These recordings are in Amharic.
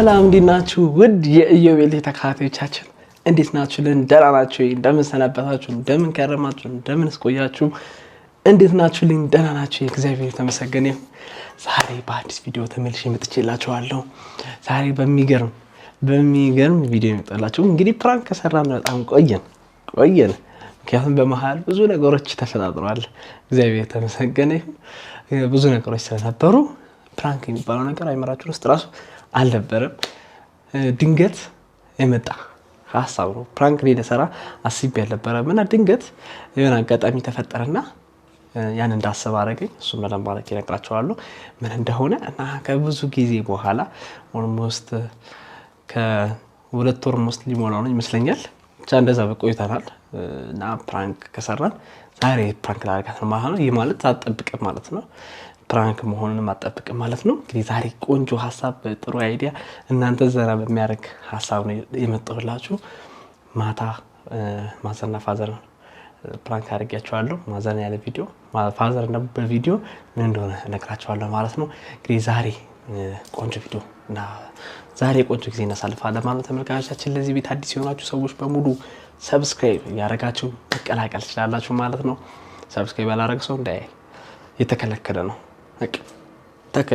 ሰላም እንዴት ናችሁ? ውድ የኢዮቤልዩ ተከታታዮቻችን እንዴት ናችሁ? ልን ደህና ናችሁ? እንደምን ሰነበታችሁ? እንደምን ከረማችሁ? እንደምን እስቆያችሁ? እንዴት ናችሁ? ልን ደህና ናችሁ? እግዚአብሔር የተመሰገነ ዛሬ በአዲስ ቪዲዮ ተመልሼ መጥቼላችኋለሁ። ዛሬ በሚገርም በሚገርም ቪዲዮ ይመጣላችሁ። እንግዲህ ፕራንክ ከሰራን በጣም ቆየን ቆየን። ምክንያቱም በመሀል ብዙ ነገሮች ተፈጣጥረዋል። እግዚአብሔር የተመሰገነ ብዙ ነገሮች ስለነበሩ ፕራንክ የሚባለው ነገር አይመራችሁ ውስጥ ራሱ አልነበረም። ድንገት የመጣ ሀሳብ ነው። ፕራንክ ላይ ለሰራ አስቤ አልነበረም እና ድንገት የሆነ አጋጣሚ ተፈጠረና ያን እንዳስብ አደረገኝ። እሱም ለደን ማለት ይነግራቸዋሉ ምን እንደሆነ እና ከብዙ ጊዜ በኋላ ኦልሞስት ከሁለት ወር ሞስት ሊሞላው ነው ይመስለኛል። ብቻ እንደዛ በቆይተናል እና ፕራንክ ከሰራን ዛሬ ፕራንክ ላደርጋት ነው ማለት ነው። ይህ ማለት አጠብቅም ማለት ነው። ፕራንክ መሆኑን ማጠብቅ ማለት ነው። እንግዲህ ዛሬ ቆንጆ ሀሳብ፣ ጥሩ አይዲያ እናንተ ዘና በሚያደርግ ሀሳብ ነው የመጣሁላችሁ። ማታ ማዘና ፋዘር ፕራንክ አድርጌያቸዋለሁ። ማዘና ያለ ቪዲዮ፣ ፋዘር ደ በቪዲዮ ምን እንደሆነ እነግራቸዋለሁ ማለት ነው። እንግዲህ ዛሬ ቆንጆ ቪዲዮ እና ዛሬ ቆንጆ ጊዜ እናሳልፋለን ማለት ተመልካቾቻችን። ለዚህ ቤት አዲስ የሆናችሁ ሰዎች በሙሉ ሰብስክራይብ እያደረጋችሁ መቀላቀል ትችላላችሁ ማለት ነው። ሰብስክራይብ ያላረግ ሰው እንዳይ የተከለከለ ነው።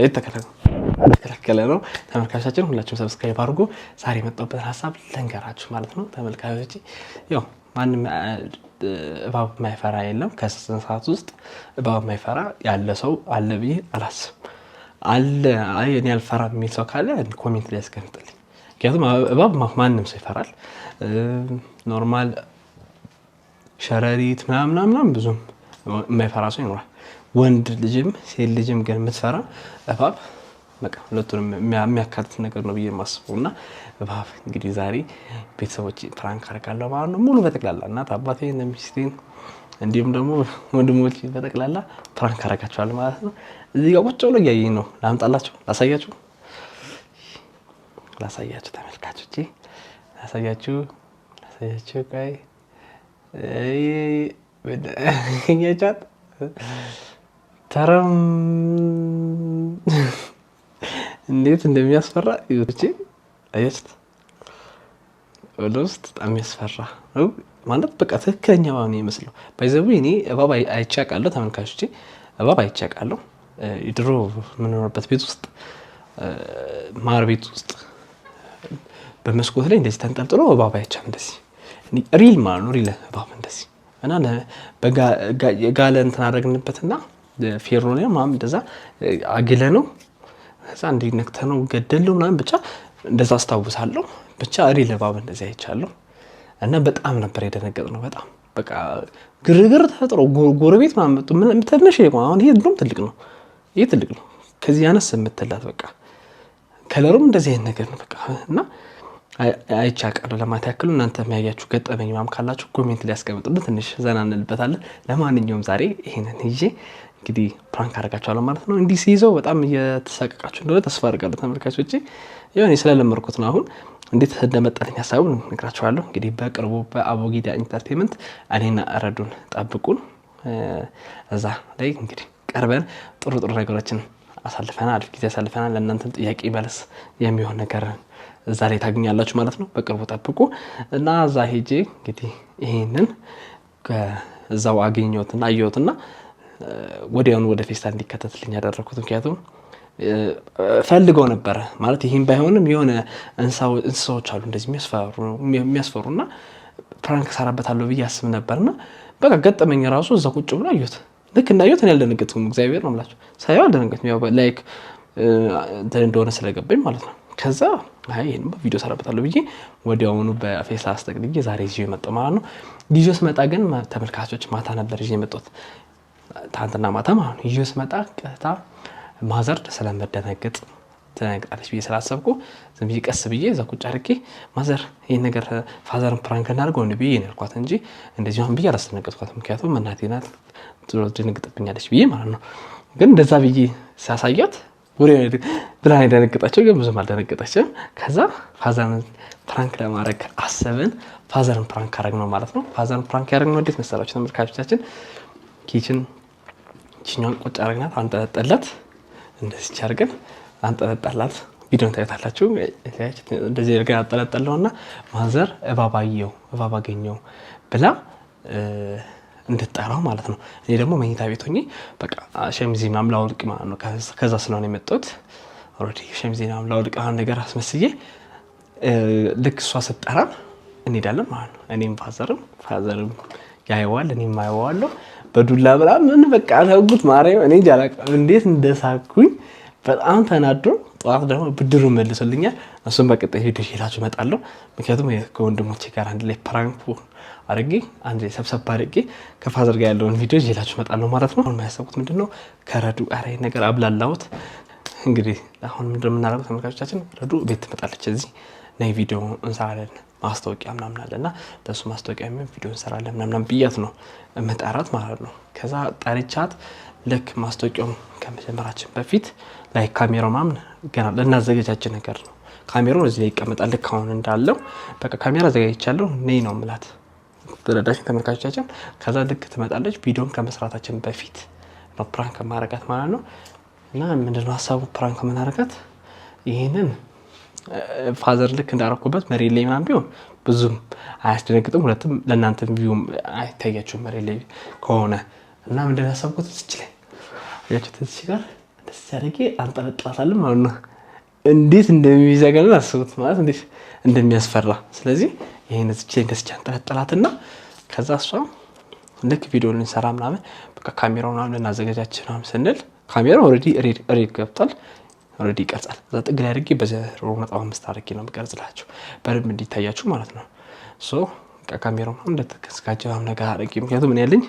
የተከለከለ ነው። ተመልካቾቻችን ሁላችሁም ሰብስክራይብ አድርጎ ዛሬ የመጣሁበት ሀሳብ ልንገራችሁ ማለት ነው። ተመልካቾች ያው ማንም እባብ የማይፈራ የለም። ሰዓት ውስጥ እባብ የማይፈራ ያለ ሰው አለ ብዬ አላስብም። አለ እኔ አልፈራም የሚል ሰው ካለ ኮሜንት ላይ ያስቀምጥልኝ። ምክንያቱም እባብ ማንም ሰው ይፈራል። ኖርማል ሸረሪት ምናምናምናም ብዙም የማይፈራ ሰው ይኖራል። ወንድ ልጅም ሴት ልጅም ግን የምትፈራ እባብ በቃ ሁለቱንም የሚያካትት ነገር ነው ብዬ የማስበው እና እባብ እንግዲህ ዛሬ ቤተሰቦች ፕራንክ አርጋለሁ ማለት ነው። ሙሉ በጠቅላላ እናት አባቴን፣ ሚስቴን እንዲሁም ደግሞ ወንድሞች በጠቅላላ ፕራንክ አረጋቸዋል ማለት ነው። እዚህ ጋር ቁጭ ብሎ እያየኝ ነው። ላምጣላቸው፣ ላሳያችሁ፣ ላሳያችሁ ተመልካቾች፣ ላሳያችሁ፣ ላሳያችሁ ቆይ እኛቻት ተረም እንዴት እንደሚያስፈራ ይዞቼ አያችት ወደ ውስጥ በጣም ያስፈራ ማለት በቃ ትክክለኛ እባብ ነው የሚመስለው። ባይዘቡ እኔ እባብ አይቼ አውቃለሁ። ተመልካቾቼ እባብ አይቼ አውቃለሁ። ድሮ የምንኖርበት ቤት ውስጥ ማር ቤት ውስጥ በመስኮት ላይ እንደዚህ ተንጠልጥሎ እባብ አይቻም። እንደዚህ ሪል ማለት ነው ሪል እባብ እንደዚህ እና በጋለ እንትን አደረግንበትና ፌሮኒያ ማም እንደዛ አግለ ነው ህፃን እንዲነክተ ነው ገደለው ምናምን ብቻ እንደዛ አስታውሳለሁ። ብቻ እሪ ለባብ እንደዚያ አይቻለሁ እና በጣም ነበር የደነገጥ ነው። በጣም በቃ ግርግር ተፈጥሮ ጎረቤት ማመጡ ምትነሽ አሁን ይሄ ድሮም ትልቅ ነው፣ ይሄ ትልቅ ነው። ከዚህ ያነስ የምትላት በቃ ከለሩም እንደዚህ አይነት ነገር ነው። በቃ እና አይቻ ቀረ ለማት ያክሉ እናንተ የሚያያችሁ ገጠመኝ ማም ካላችሁ ኮሜንት ሊያስቀምጡልን ትንሽ ዘና እንልበታለን። ለማንኛውም ዛሬ ይሄንን ይዤ እንግዲህ ፕራንክ አደርጋቸዋለሁ ማለት ነው። እንዲህ ሲይዘው በጣም እየተሳቀቃችሁ እንደሆነ ተስፋ አድርጋለሁ ተመልካቾቼ። ይሁን ስለለመድኩት ነው። አሁን እንዴት እንደመጣት የሚያሳቡ ነግራቸዋለሁ። እንግዲህ በቅርቡ በአቦጊዳ ኢንተርቴንመንት እኔና ረዱን ጠብቁን። እዛ ላይ እንግዲህ ቀርበን ጥሩ ጥሩ ነገሮችን አሳልፈናል፣ አሪፍ ጊዜ አሳልፈናል። ለእናንተም ጥያቄ መልስ የሚሆን ነገር እዛ ላይ ታገኛላችሁ ማለት ነው። በቅርቡ ጠብቁ እና እዛ ሄጄ እንግዲህ ይህንን እዛው አገኘሁትና አየሁትና ወዲያውኑ ወደ ፌስታል እንዲከተትልኝ ያደረግኩት ምክንያቱም ፈልገው ነበረ ማለት ይህም ባይሆንም የሆነ እንስሳዎች አሉ እንደዚህ የሚያስፈሩ እና ፕራንክ ሰራበታለሁ ብዬ አስብ ነበር እና በቃ ገጠመኝ ራሱ እዛ ቁጭ ብሎ አየሁት። ልክ እንዳየሁት እኔ አልደነገጥኩም። እግዚአብሔር ነው ላቸው ሳ አልደነገጥኩም። ላይክ እንደሆነ ስለገባኝ ማለት ነው። ከዛ ይህን ቪዲዮ ሰራበታለሁ ብዬ ወዲያውኑ በፌስታል አስጠቅልዬ ዛሬ ይዤ መጣሁ ማለት ነው። ይዤ ስመጣ ግን ተመልካቾች ማታ ነበር ይዤ የመጣሁት ትናንትና ማታ ማለት ነው ይዤ ስመጣ ቀጥታ ማዘርድ ስለምደነግጥ ትነግጣለች ብዬ ስላሰብኩ ዝም ብዬ ቀስ ብዬ እዛ ቁጭ አድርጌ ማዘር ይህ ነገር ፋዘርን ፕራንክ እናድርገው እንዲ ብዬ ያልኳት እንጂ እንደዚህ ሁን ብዬ አላስደነገጥኳት። ምክንያቱም እናቴ ናት ደንግጥብኛለች ብዬ ማለት ነው። ግን እንደዛ ብዬ ሲያሳያት ወሬ ብላ የደነገጠችው ግን ብዙም አልደነገጠችም። ከዛ ፋዘርን ፕራንክ ለማድረግ አሰብን። ፋዘርን ፕራንክ አረግ ነው ማለት ነው። ፋዘርን ፕራንክ ያደረግ ነው እንዴት መሰላችሁ ተመልካቾቻችን ኪችን ችኛን ቁጭ አረግናት፣ አንጠለጠለት እንደዚህ አርገን አንጠለጠላት። ቪዲዮን ታየታላችሁ። እንደዚህ ነገር አጠለጠለውና ማዘር እባባየው እባባገኘው ብላ እንድጠራው ማለት ነው። እኔ ደግሞ መኝታ ቤት ሆኜ በቃ ሸሚዜ ምናምን ላውልቅ ማለት ነው። ከዛ ስለሆነ የመጡት ኦልሬዲ ሸሚዜ ምናምን ላውልቅ ነገር አስመስዬ ልክ እሷ ስጠራ እንሄዳለን ማለት ነው። እኔም ፋዘርም ፋዘርም ያየዋል፣ እኔም አየዋለሁ። በዱላ በጣም ምን በቃ ተውኩት። ማርያም እኔ ጃላቀም እንዴት እንደሳኩኝ በጣም ተናዶ፣ ጠዋት ደግሞ ብድሩ መልሶልኛል። እሱም በቀጣይ ሄዶ ሄላችሁ እመጣለሁ። ምክንያቱም ከወንድሞቼ ጋር አንድ ላይ ፕራንኩ አድርጌ አንድ ላይ ሰብሰብ አድርጌ ከፋዘር ጋር ያለውን ቪዲዮ ሄላችሁ እመጣለሁ ማለት ነው። አሁን የሚያሰቡት ምንድን ነው? ከረዱ ቀራይ ነገር አብላላሁት። እንግዲህ አሁን ምንድን የምናደርገው ተመልካቾቻችን፣ ረዱ ቤት ትመጣለች። እዚህ ናይ ቪዲዮ እንሰራለን ማስታወቂያ ምናምን አለ እና ለእሱ ማስታወቂያ የሚሆን ቪዲዮ እንሰራለን ምናምናም ብያት ነው መጠራት ማለት ነው። ከዛ ጠርቻት ልክ ማስታወቂያው ከመጀመራችን በፊት ላይ ካሜራው ምናምን ገና ልናዘገጃጅ ነገር ነው። ካሜራውን እዚህ ላይ ይቀመጣል። ልክ አሁን እንዳለው በቃ ካሜራ አዘጋጅቻለሁ ነይ ነው ምላት ተረዳሽ ተመልካቾቻችን። ከዛ ልክ ትመጣለች። ቪዲዮም ከመስራታችን በፊት ነው ፕራንክ ማረጋት ማለት ነው። እና ምንድነው ሀሳቡ ፕራንክ ምናረጋት ይህንን ፋዘር ልክ እንዳረኩበት መሬት ላይ ምናም ቢሆን ብዙም አያስደነግጥም። ሁለትም ለእናንተ ቪውም አይታያችሁም መሬት ላይ ከሆነ እና ምንድን ያሰብኩት ስች ላይ ያቸው ስ ጋር ደስ ያደረጌ አንጠለጥላታለን ማለት ነው። እንዴት እንደሚዘገን አስቡት ማለት እንዴት እንደሚያስፈራ። ስለዚህ ይህን ስች ላይ እንደስች አንጠለጥላትና ከዛ እሷ ልክ ቪዲዮ ልንሰራ ምናምን በቃ ካሜራው ምናምን ልናዘገጃችን ምናምን ስንል ካሜራ ኦልሬዲ ሬድ ገብቷል። ኦልሬዲ ይቀርጻል። እዛ ጥግ ላይ አድርጌ በዜሮ ነጥብ አምስት አድርጌ ነው የሚቀርጽላችሁ በደንብ እንዲታያችሁ ማለት ነው። ሶ ካሜራው ምናምን እንደተከስካጀ ነገር አድርጌ ምክንያቱም ምን ያለኝ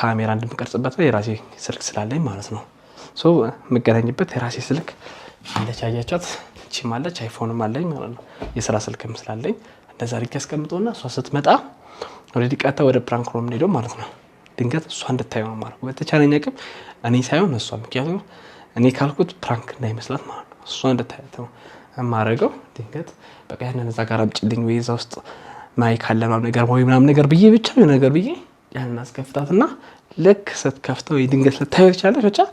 ካሜራ እንደምቀርጽበት የራሴ ስልክ ስላለኝ ማለት ነው። ሶ የምገናኝበት የራሴ ስልክ እንደቻያቻት ቺም አለች አይፎንም አለኝ ማለት ነው። የስራ ስልክም ስላለኝ እንደዛ አድርጌ ያስቀምጠውና እሷ ስትመጣ ኦልሬዲ ቀጥታ ወደ ፕራንክ ሮም ሄደው ማለት ነው። ድንገት እሷ እንድታየው ነው ማለት በተቻለኝ አቅም እኔ ሳይሆን እሷ ምክንያቱም እኔ ካልኩት ፕራንክ እንዳይመስላት ማለት ነው። እሷ እንደታያት ነው የማደርገው። ድንገት በቃ ያንን እዛ ጋር አምጪልኝ ወይ እዛ ውስጥ ማይክ አለ ምናምን ነገር ወይ ምናምን ነገር ብዬ ብቻ ነገር ብዬ ያንን አስከፍታት እና ልክ ስትከፍተው ወይ ድንገት ልታየው ትችላለች። ብቻ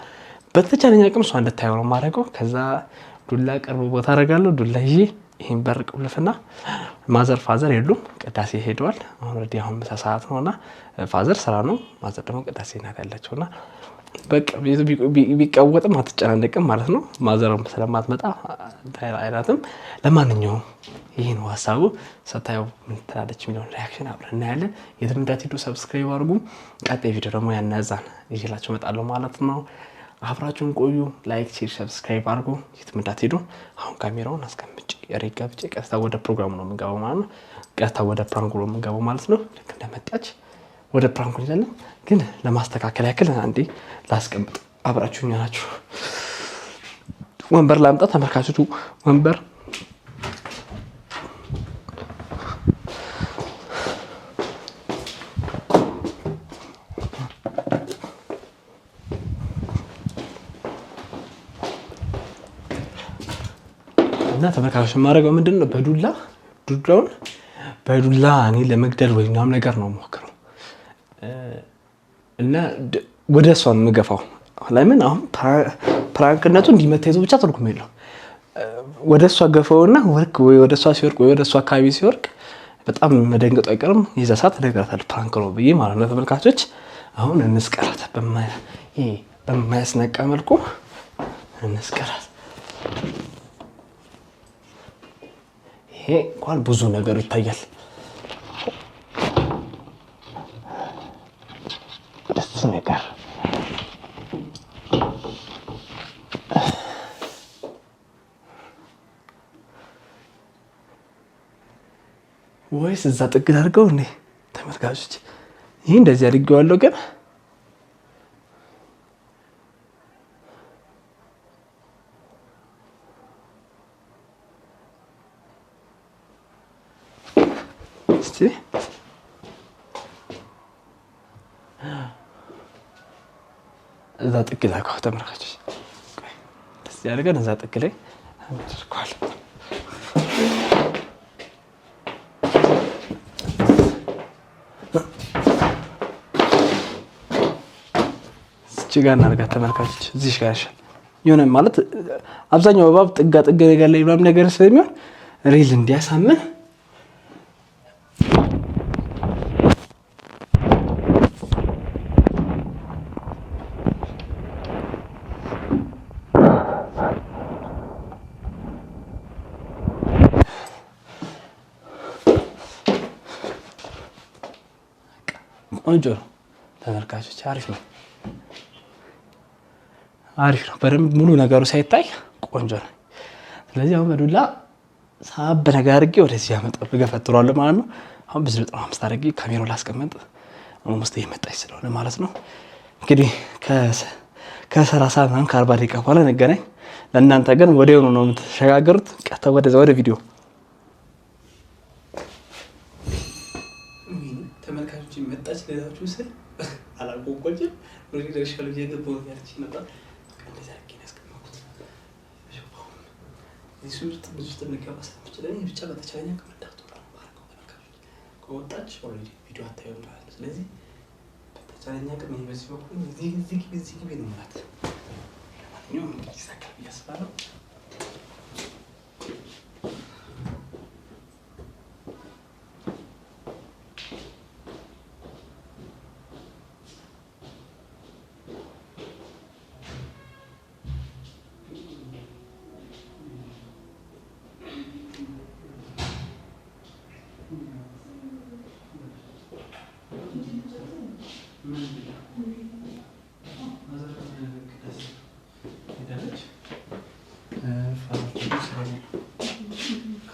በተቻለኝ አቅም እሷ እንድታየው ነው የማደርገው። ከዛ ዱላ ቅርብ ቦታ አደርጋለሁ። ዱላ ይዤ ይህን በር ቁልፍና ማዘር ፋዘር የሉም፣ ቅዳሴ ሄደዋል። አሁን ረዲ አሁን ምሳ ሰዓት ነው እና ፋዘር ስራ ነው፣ ማዘር ደግሞ ቅዳሴ ናት ያለችው እና በቃ ቢቀወጥም አትጨናነቅም ማለት ነው። ማዘርም ስለማትመጣ አይናትም። ለማንኛውም ይህ ነው ሀሳቡ። ሰታየው ምን የሚለውን ሪያክሽን አብረን እናያለን። የትም እንዳትሄዱ ሰብስክራይብ አድርጉ። ቀጣይ ቪዲዮ ደግሞ ያነዛን ይላቸው እመጣለሁ ማለት ነው። አብራችሁን ቆዩ። ላይክ፣ ሼር፣ ሰብስክራይብ አድርጉ። የትም እንዳትሄዱ። አሁን ካሜራውን አስቀምጭ ሬጋ ብጭ ቀጥታ ወደ ፕሮግራሙ ነው የምንገባው ማለት ነው። ቀጥታ ወደ ፕራንጉሎ ነው የምንገባው ማለት ነው። ልክ እንደመጣች ወደ ፕራንኩ ሄደና ግን ለማስተካከል ያክል አንዴ ላስቀምጥ። አብራችሁ ናችሁ። ወንበር ላምጣ። ተመልካቾቹ ወንበር እና ተመልካቾች የማደርገው ምንድን ነው? በዱላ ዱላውን በዱላ እኔ ለመግደል ወይ ምናምን ነገር ነው እና ወደ እሷ የምገፋው። ለምን አሁን ፕራንክነቱ እንዲመታ ይዞ ብቻ ትርጉም የለው። ወደ እሷ ገፈው ገፈውና ወርቅ ወይ ወደ እሷ ሲወርቅ ወይ ወደ እሷ አካባቢ ሲወርቅ በጣም መደንገጡ አይቀርም። የዛ ሰዓት ነገራታል ፕራንክ ነው ብዬ ማለት ነው። ተመልካቾች አሁን እንስቀራት፣ በማያስነቃ መልኩ እንስቀራት። ይሄ እንኳን ብዙ ነገር ይታያል። ደስ ነገር ወይስ እዛ ጥግ አድርገው እኔ ተመልካቾች ይህ እንደዚህ አድርጌዋለሁ ግን ተመልካቾች ደስ ያደርገን። እዛ ጥግ ላይ እዚህ ጋር እናድርጋት ተመልካቾች። እዚህ ጋር ያሻል የሆነ ማለት አብዛኛው እባብ ጥጋ ጥግ ነገር ላይ ምናምን ነገር ስለሚሆን ሪል እንዲያሳምን ቆንጆ ነው። ተመልካቾች አሪፍ ነው፣ አሪፍ ነው። በደንብ ሙሉ ነገሩ ሳይታይ ቆንጆ ነው። ስለዚህ አሁን በዱላ ሳብ ነገር አድርጌ ወደዚህ ያመጣው ገፈጥሯለሁ ማለት ነው። አሁን ብዙ ጥሩ አምስት አድርጌ ካሜራው ላስቀመጥ ስ የመጣች ስለሆነ ማለት ነው። እንግዲህ ከሰላሳ ምናምን ከአርባ ደቂቃ በኋላ እንገናኝ። ለእናንተ ግን ወዲያውኑ ነው የምትሸጋገሩት ቀጥታ ወደ ቪዲዮ መጣች። ገዛችሁ ስል አላውቀውም ደርሻ ልጅ የገባው ያለች እዚህ ውስጥ ብዙ ውስጥ እንገባ ስለምችለን ብቻ በተቻለኝ አቅም ከወጣች ኦልሬዲ ቪዲዮ አታየው ስለዚህ በዚህ በኩል እዚህ ነው ማለት ለማንኛውም ይሳካል ብዬ አስባለሁ።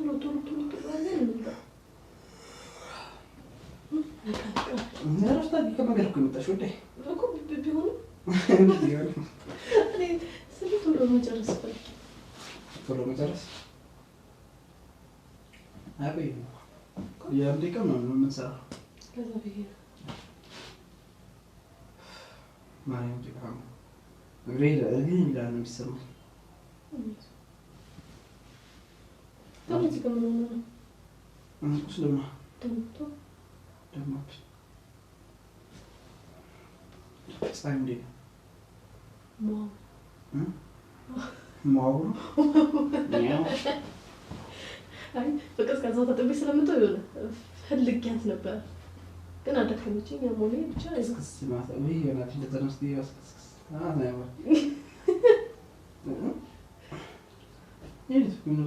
ቶሎ ቶሎ ቶሎ ቶሎ ቶሎ ቶሎ ቶሎ እዚህ ምን ሆነ ነው? አንቁስ ደማ ፀሐይ እንዴት ነው? ማው ማው ነው አይ በቀዝቃዛ ተጠቢ ፈልጊያት ነበር ግን አደከመችኝ። ያሞኔ ብቻ ስክስ ማታ ወይ ይሆናል እንደዛ ነው። አና ይሆናል ይህ ነው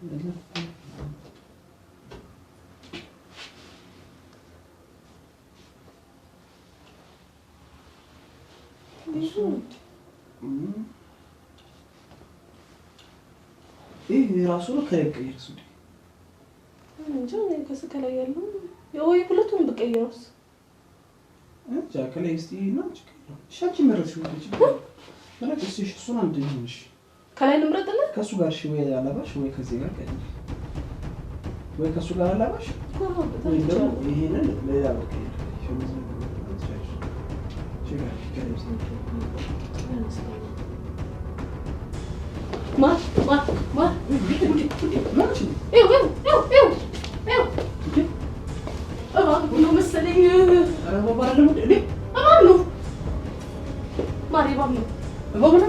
ይህ ራሱ ነው። ከለቀየርስ እንጃ ከስ ከላይ ያለው ወይ ሁለቱን ብቀይረውስ እንጃ ከላይ እስቲ ናች ሻች መረጥ ሽወች እሱን አንድ ከላይ ንምረጥ ከእሱ ጋር እሺ ወይ አላባሽ ወይ ከዚህ ጋር ቀኝ ወይ ከእሱ ጋር አላባሽ ወይም ደግሞ ይሄንን ሌላ መሰለኝ ነው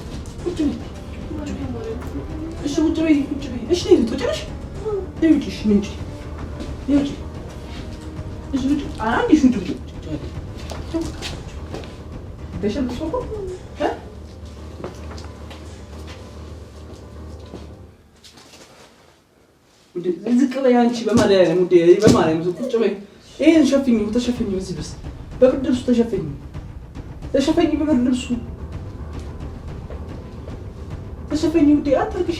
እሺ ነው ተጨረሽ እዩጭሽ ምንጭ እዩጭ እሺ ውጭ አንድ እሺ ውጭ ዝቅ በይ አንቺ በማርያም በማርያም ቁጭ በይ። ይሄን ሸፍኝ፣ ተሸፈኝ። በዚህ ልብስ በብርድ ልብሱ ተሸፈኝ፣ ተሸፈኝ፣ በብርድ ልብሱ ተሸፈኝ። ውዴ አትርክሺ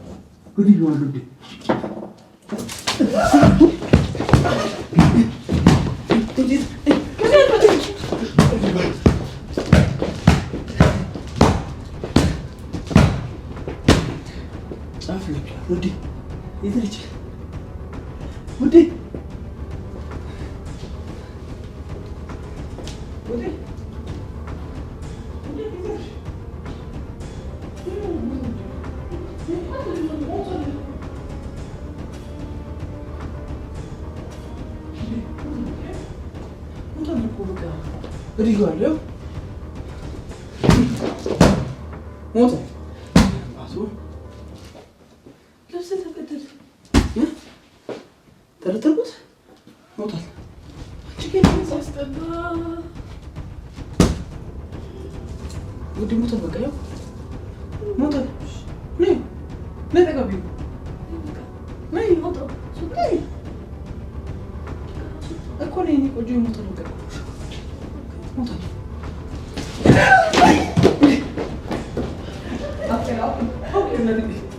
어디 좋았는데 何だかビ何何本当何えこれにこう十元のけ本当にあ違う何で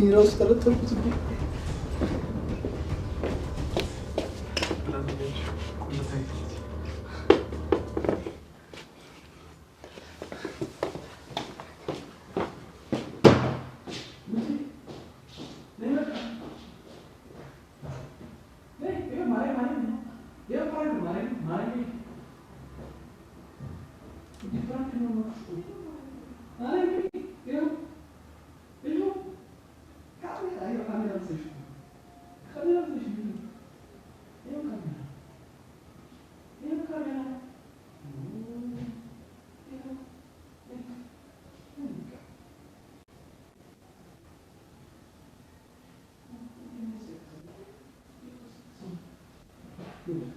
Yine o sıra tabii ki. Cool.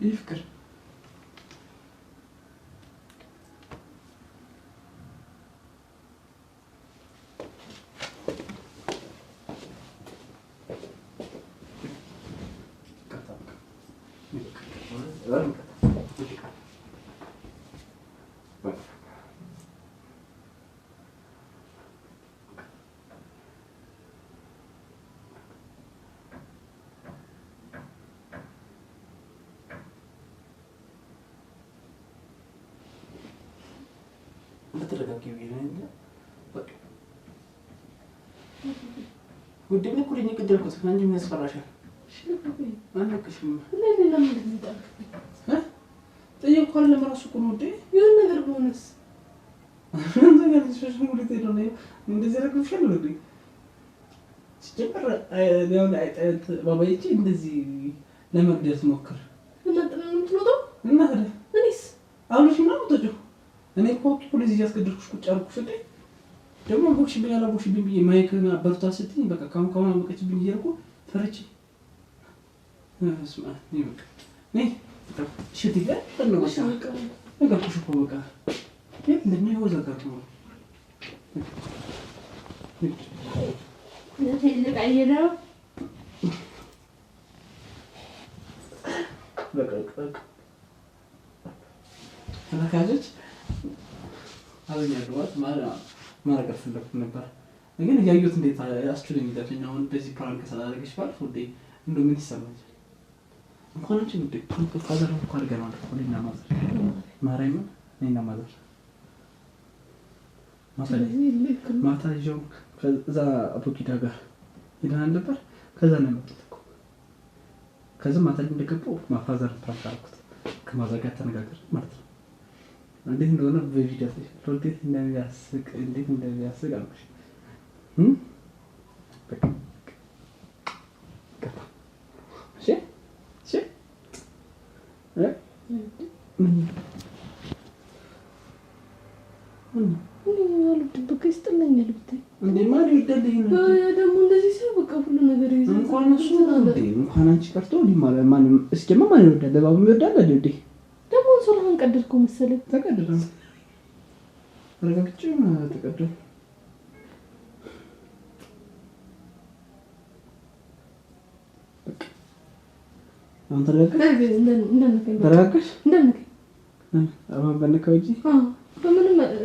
İyi አልተረጋጊ ውድም እኮ ልኝ ቅደልኩት ምን የሚያስፈራሻል? አለቅሽም ጠየኳል። ለምራሱ እኮ ነው ውዴ። የሆነ ነገር በሆነስ እንደዚህ ለመግደል እኔ እኮ ፖሊስ እያስገደድኩሽ ቁጭ አልኩሽ እንዴ ደግሞ ቦክሽብኝ አላቦክሽብኝ ብዬ ማይክን አበርታ ስትኝ በቃ ካሁን ካሁን አበቀችብኝ እያልኩ ፈረቼ ነገርኩሽ እኮ በቃ የለም ይኸው አገኛለሁ ማረቀት ፈለኩ ነበር ግን እያዩት እንዴት አስችሎ ይደፍኝ አሁን በዚህ ፕራንክ ስላደረገች ባል ሁዴ እንዶ ምን ይሰማል እንኳኖች እንዴ ፕራንክ ካደረ እኮ አድርገናል እኮ እኔና ማዘር ማርያምን እኔና ማዘር ማታ ይዘው ከዛ አቡጊዳ ጋር ሄደናል ነበር። ከዛ ነው የመጡት እኮ ከዚህ ማታ እንደገባው ማፋዘር ፕራንክ አልኩት ከማዘር ተነጋገር ማለት ነው እንዴት እንደሆነ በቪዲዮ አሳይሻለሁ። እንዴት እንደሚያስቅ እንዴት እንደሚያስቅ አልኩሽ። እንኳን አንቺ ቀርቶ እስኪማ ማን ይወዳል? እባብ ይወዳል እንዴ? ደግሞ ሱራህን ቀደድኩ መሰለኝ። ተቀደደ ረጋግጬ ተቀደደ። ተረጋግሽ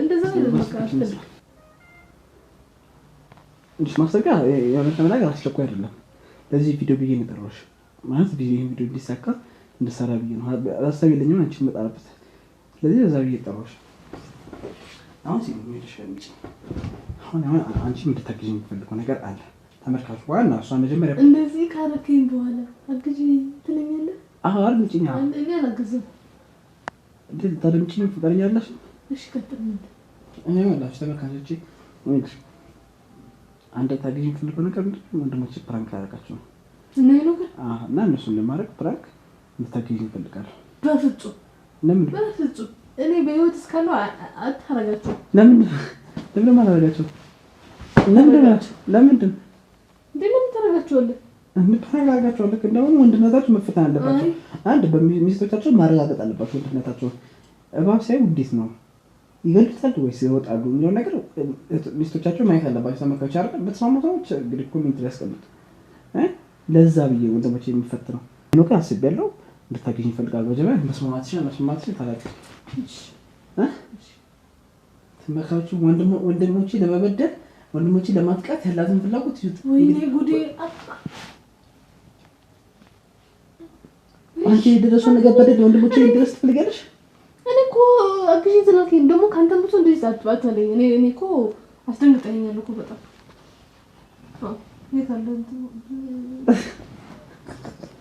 እንደዛ የሆነ ነገር አስቸኳይ አይደለም። ለዚህ ቪዲዮ ብዬ ነው የጠራሁሽ ማለት ይሄን ቪዲዮ እንዲሳካ እንድሰራ ብዬ ነው። ሀሳብ የለኝም አንቺ መጣረበት ስለዚህ በዛ ብዬ ጠራሽ። አሁን ሲ አሁን አሁን አንቺ እንድታግዥ የሚፈልገው ነገር አለ። ተመልካቹ ዋና እሷ መጀመሪያ እንደዚህ ካረከኝ በኋላ አግዥ ትለኛለህ። አዎ አድምጪኝ። እኔ አላግዝም። እንደዚህ ታደምጪኝ ፍቃደኛለሽ? እሺ ቀጥል። እኔ ላችሁ ተመልካቾቼ አንድ ታግዥ የሚፈልገው ነገር ወንድሞች ፕራንክ ያደረጋችሁ ነው እና እነሱ እንደማድረግ ፕራንክ ልታገኝ ይፈልጋል። በፍጹም ለምን? በፍጹም እኔ በህይወት እስካለሁ አታረጋችሁ። ለምን? ለምን አላረጋችሁ? ለምን? ለምን? ለምን ታረጋችኋለህ? እንድታረጋጋቸው ልክ እንደውም ወንድነታችሁ መፈተን አለባቸው። አንድ በሚስቶቻቸው ማረጋገጥ አለባቸው ወንድነታቸው። እባብ ሳይ እንዴት ነው ይገልጣሉ ወይስ ይወጣሉ የሚለው ነገር ሚስቶቻቸው ማየት አለባቸው። ተመልካቾች አይደል? በተስማሙ ሰዎች እንግዲህ ኮሜንት ላይ ያስቀምጡ። ለዛ ብዬ ወንድሞች የሚፈትነው ነው። አስቤያለሁ እንድታገኝ ይፈልጋል። መጀመሪያ መስማማትሽን መስማማትሽን ታላቅ ትመካችሁ ወንድሞቼ ለመበደል ወንድሞቼ ለማጥቃት ያላትን ፍላጎት ወይኔ ጉዴ! አንቺ የደረሰው ነገር በደል ወንድሞቼ ድረስ ትፈልጋለሽ? እኔ እኮ አግዢ ትናት ደግሞ ከአንተ ብሶ እንደዚህ ጣጥባት አለኝ። እኔ እኔ እኮ አስደንግጠኛል እኮ በጣም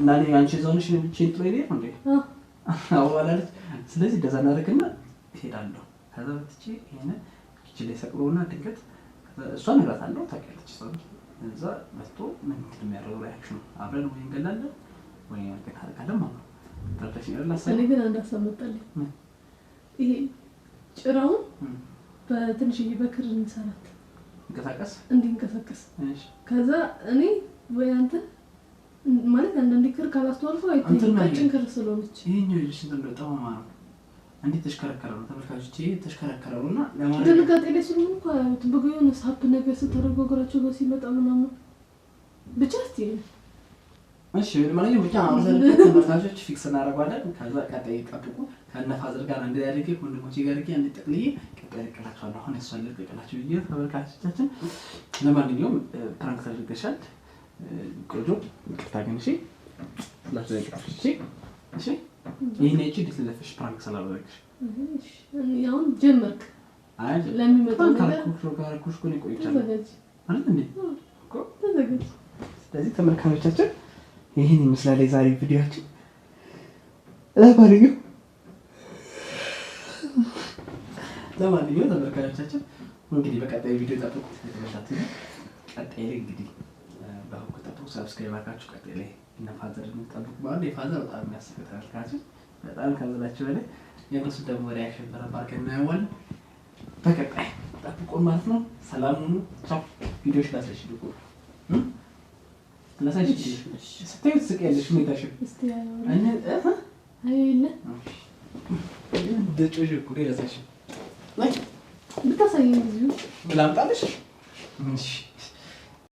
እና እኔ አንቺ እዛው ነሽ እኔ ብቻዬን ነው እንዴ? አዎ አላለች። ስለዚህ እንደዛ እናደርግና እሄዳለሁ። ከዛ በትቼ ይሄን ኪችን ላይ ሰቅሎና ድንገት እሷ እነግራታለሁ። ታውቂያለች ሰው እዛ መጥቶ ምን እንደሚያደርገው ሪያክሽኑ አብረን ወይ እንገላለን ወይ ተካለካለን ማለት ነው። እኔ ግን አንድ ሀሳብ መጣልኝ። ይሄ ጭራውን በትንሽዬ በክር እንሰራት እንቀሳቀስ እንዲንቀሳቀስ ከዛ እኔ ወይ አንተ ማለት አንዳንድ ክር ካላስተዋልከው አይጠይቃችን ክር ስለሆነች ይሄኛው ልጅ ስንት በጣም አማራ እንዴት ተሽከረከረ ነው ተመልካቾች፣ ይሄ ተሽከረከረ ነው እና ድንጋጤ ላይ ስለሆኑ በጎ የሆነ ሳፕ ነገር ስተረጓጎራቸው ጋር ሲመጣ ምናምን ብቻ እስቲ እሺ ማለት ብቻ አሁን ተመልካቾች ፊክስ እናደርገዋለን። ከዛ ቀጣይ ጠብቁ። ከነፋዘር ጋር አንድ ላይ አድርጌ ጋር አድርጌ አንድ ጠቅልዬ ቀጣይ ልቅላቸዋለሁ። አሁን ያሷለቅላቸው ብዬ ተመልካቾቻችን፣ ለማንኛውም ፕራንክ ተደርገሻል። ቆጆ ይቅርታ ግን እሺ፣ ይህን እቺ ልትለፍሽ ፕራንክ ስላደረግሽ ጀመርክ። ተመልካቾቻችን ይህን ይመስላል የዛሬ ቪዲዮችን ለማንኛው ለማንኛው ተመልካቾቻችን እንግዲህ በቀጣይ ቪዲዮ ጠብቁ። ቀጣይ እንግዲህ ሰብስክራይብ አድርጋችሁ ቀጥሌ እነ ፋዘር የምትጠብቁ በአንድ የፋዘር በጣም የሚያስቅ ተመልካችን በጣም ከበላቸው በላይ የእነሱ ደግሞ ወደ ያሸበረ ፓርክ እናየዋል በቀጣይ ጠብቁን ማለት ነው። ሰላም ሁኑ። ቻው። ቪዲዮች ላሳሽ ልቁ ላሳይሽ ስታዩ ትስቂያለሽ። ሁኔታሽን እንደ ጮሽ ላሳሽ ብታሳየ ብታሳይ ላምጣልሽ